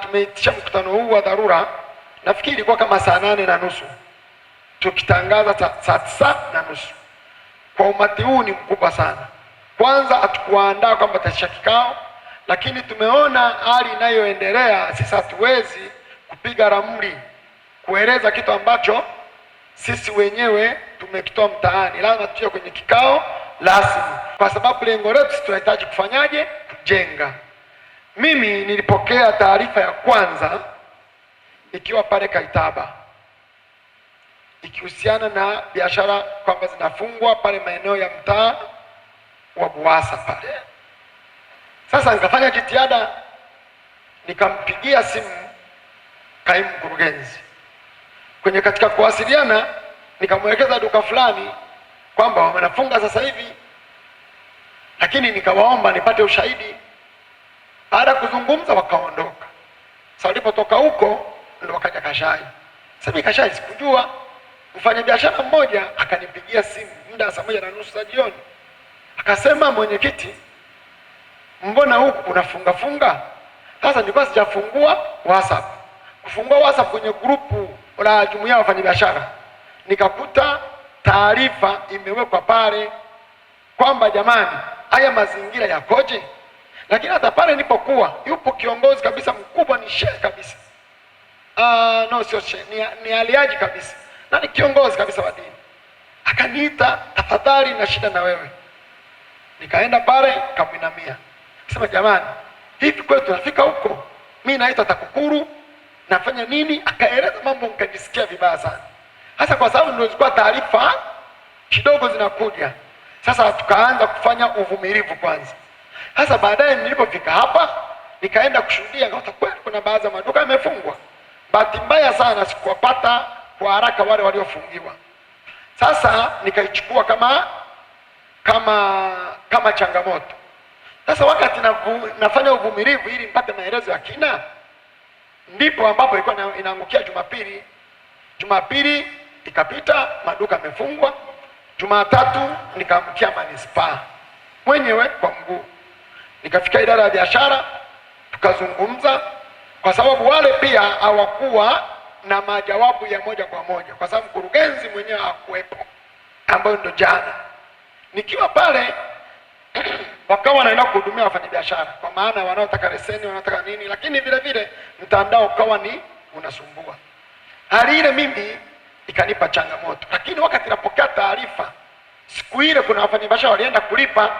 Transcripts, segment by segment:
Tumeitisha mkutano huu wa dharura, nafikiri ilikuwa kama saa nane na nusu tukitangaza saa tisa na nusu kwa umati huu ni mkubwa sana. Kwanza hatukuandaa kwamba tutaitisha kikao, lakini tumeona hali inayoendelea, sisi hatuwezi kupiga ramli kueleza kitu ambacho sisi wenyewe tumekitoa mtaani. Lazima tuje kwenye kikao rasmi, kwa sababu lengo letu tunahitaji kufanyaje? Kujenga. Mimi nilipokea taarifa ya kwanza ikiwa pale Kaitaba ikihusiana na biashara kwamba zinafungwa pale maeneo ya mtaa wa Buwasa pale. Sasa nikafanya jitihada, nikampigia simu kaimu mkurugenzi kwenye, katika kuwasiliana nikamwelekeza duka fulani kwamba wanafunga sasa hivi, lakini nikawaomba nipate ushahidi baada ya kuzungumza wakaondoka. Sasa walipotoka huko ndio wakaja Kashai. Sasa Kashai sikujua, mfanyabiashara mmoja akanipigia simu muda saa moja na nusu za jioni, akasema, mwenyekiti, mbona huku unafunga funga? Sasa nilikuwa sijafungua WhatsApp, kufungua WhatsApp kwenye grupu la jumuiya ya wafanyabiashara nikakuta taarifa imewekwa pale kwamba jamani, haya mazingira yakoje? Lakini hata pale nilipokuwa, yupo kiongozi kabisa mkubwa, ni shehe kabisa, uh, no sio shehe, ni, ni aliaji kabisa na ni kiongozi kabisa wa dini, akaniita, tafadhali na shida na wewe. Nikaenda pale nikamwinamia, sema jamani, hivi kwetu tunafika huko? Mimi naitwa TAKUKURU nafanya nini? Akaeleza mambo, nikajisikia vibaya sana, hasa kwa sababu ndio zilikuwa taarifa kidogo zinakuja sasa. Tukaanza kufanya uvumilivu kwanza Hasa baadaye nilipofika hapa nikaenda kushuhudia, nikakuta kweli kuna baadhi ya maduka yamefungwa. Bahati mbaya sana sikuwapata kwa haraka wale waliofungiwa. Sasa nikaichukua kama kama kama changamoto. Sasa wakati navu, nafanya uvumilivu ili nipate maelezo ya kina, ndipo ambapo ilikuwa inaangukia Jumapili. Jumapili ikapita, maduka yamefungwa. Jumatatu nikaamkia manispaa mwenyewe kwa mguu nikafika idara ya biashara tukazungumza, kwa sababu wale pia hawakuwa na majawabu ya moja kwa moja, kwa sababu mkurugenzi mwenyewe hakuwepo, ambayo ndo jana. Nikiwa pale wakawa wanaenda kuhudumia wafanyabiashara, kwa maana wanaotaka leseni, wanaotaka nini, lakini vile vile mtandao ukawa ni unasumbua. Hali ile mimi ikanipa changamoto, lakini wakati napokea taarifa siku ile kuna wafanyabiashara walienda kulipa,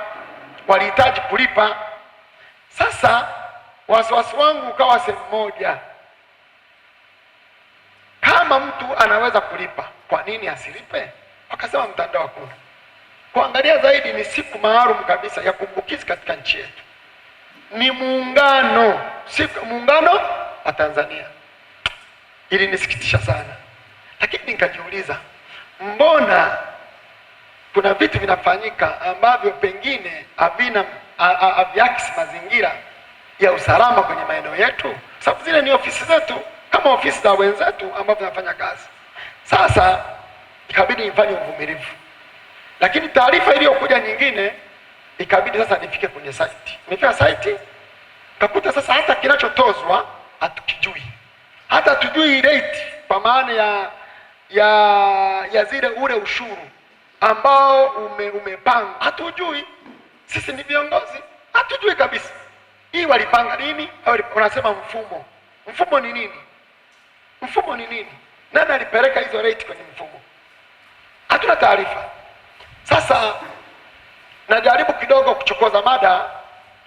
walihitaji kulipa sasa wasiwasi wangu ukawa sehemu moja, kama mtu anaweza kulipa, kwa nini asilipe? Wakasema mtandao hakuna. Kuangalia zaidi, ni siku maalum kabisa ya kumbukizi katika nchi yetu, ni muungano, siku muungano wa Tanzania. Ilinisikitisha sana, lakini nikajiuliza, mbona kuna vitu vinafanyika ambavyo pengine havina haviakisi mazingira ya usalama kwenye maeneo yetu, sababu zile ni ofisi zetu kama ofisi za wenzetu ambao nafanya kazi. Sasa ikabidi nifanye uvumilivu, lakini taarifa iliyokuja nyingine ikabidi sasa nifike kwenye site. Nimefika site kakuta sasa hata kinachotozwa hatukijui, hata tujui rate kwa maana ya ya ya zile ule ushuru ambao ume, umepangwa hatujui. Sisi ni viongozi, hatujui kabisa hii walipanga nini? wanasema mfumo. Mfumo ni nini? Mfumo ni nini? Nani alipeleka hizo rate kwenye mfumo? Hatuna taarifa. Sasa najaribu kidogo kuchokoza mada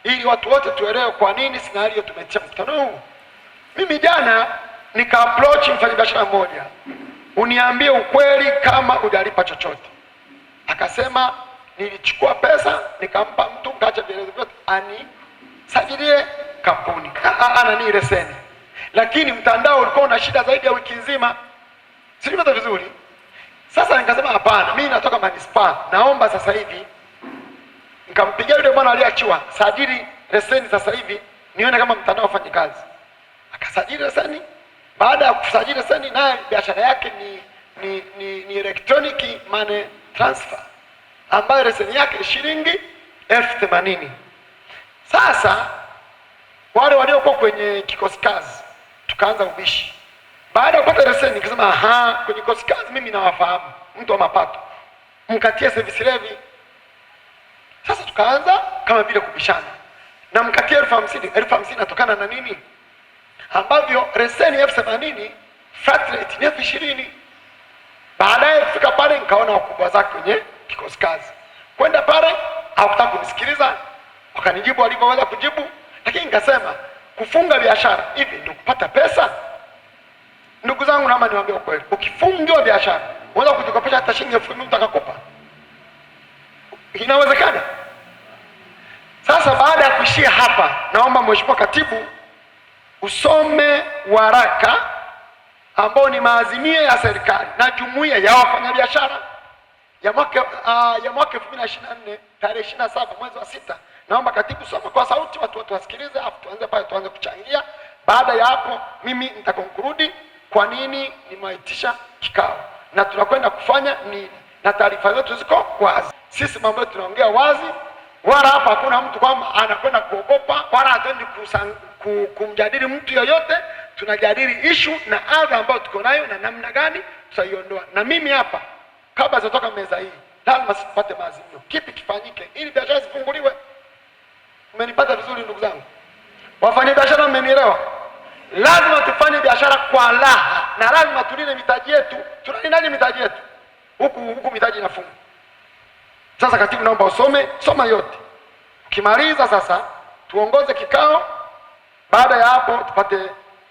ili watu wote tuelewe kwa nini scenario tumetia mkutano huu. Mimi jana nika approach mfanyabiashara mmoja, uniambie ukweli kama hujalipa chochote, akasema nilichukua pesa nikampa mtu, nikaacha vielezo vyote anisajilie kampuni ni leseni, lakini mtandao ulikuwa una shida zaidi ya wiki nzima, silimeza vizuri. Sasa nikasema hapana, mimi natoka manispaa, naomba sasa hivi. Nikampigia yule bwana aliachiwa, sajili leseni sasa hivi nione kama mtandao ufanye kazi. Akasajili leseni. Baada ya kusajili leseni, naye biashara yake ni ni, ni, ni electronic money transfer ambayo leseni yake ni shilingi elfu themanini. Sasa wale waliokuwa kwenye kikosi kazi tukaanza ubishi. Baada ya kupata leseni nikasema, aha, kwenye kikosi kazi mimi nawafahamu, mtu wa mapato, mkatie service levy. Sasa tukaanza kama vile kubishana, na mkatie elfu hamsini. Elfu hamsini natokana na nini? ambavyo leseni elfu themanini flat rate ni elfu ishirini. Baadaye kufika pale nikaona wakubwa zake kwenye kikosi kazi kwenda pale. Hawakutaka kunisikiliza, wakanijibu walivyoweza kujibu, lakini nikasema kufunga biashara hivi ndio kupata pesa? Ndugu zangu, naomba niwaambie ukweli, ukifungiwa biashara unaweza kujikopesha hata shilingi elfu mbili mtakakupa, inawezekana. Sasa baada ya kuishia hapa, naomba mheshimiwa katibu usome waraka ambao ni maazimio ya serikali na jumuiya ya wafanyabiashara ya mwaka uh, ya mwaka 2024 tarehe 27 mwezi wa sita. Naomba katibu soma kwa sauti, watu watu wasikilize, afu tuanze pale, tuanze kuchangia. Baada ya hapo, mimi nitakonkurudi kwa nini nimeitisha kikao na tunakwenda kufanya nini, na taarifa zetu ziko wazi. Sisi mambo yetu tunaongea wazi, wala hapa hakuna mtu kwamba anakwenda kuogopa, wala hatuendi kumjadili mtu yoyote. Tunajadili ishu na adha ambayo tuko nayo na namna gani tutaiondoa, na mimi hapa kabla zinatoka meza hii, lazima sipate maazimio, kipi kifanyike ili biashara zifunguliwe. Umenipata vizuri ndugu zangu, wafanya biashara, mmenielewa? Lazima tufanye biashara kwa raha na lazima tulinde mitaji yetu. Tunalindaje mitaji yetu? Huku huku mitaji inafungwa. Sasa katibu, naomba usome, soma yote. Ukimaliza sasa tuongoze kikao. Baada ya hapo tupate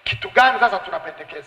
kitu gani sasa tunapendekeza.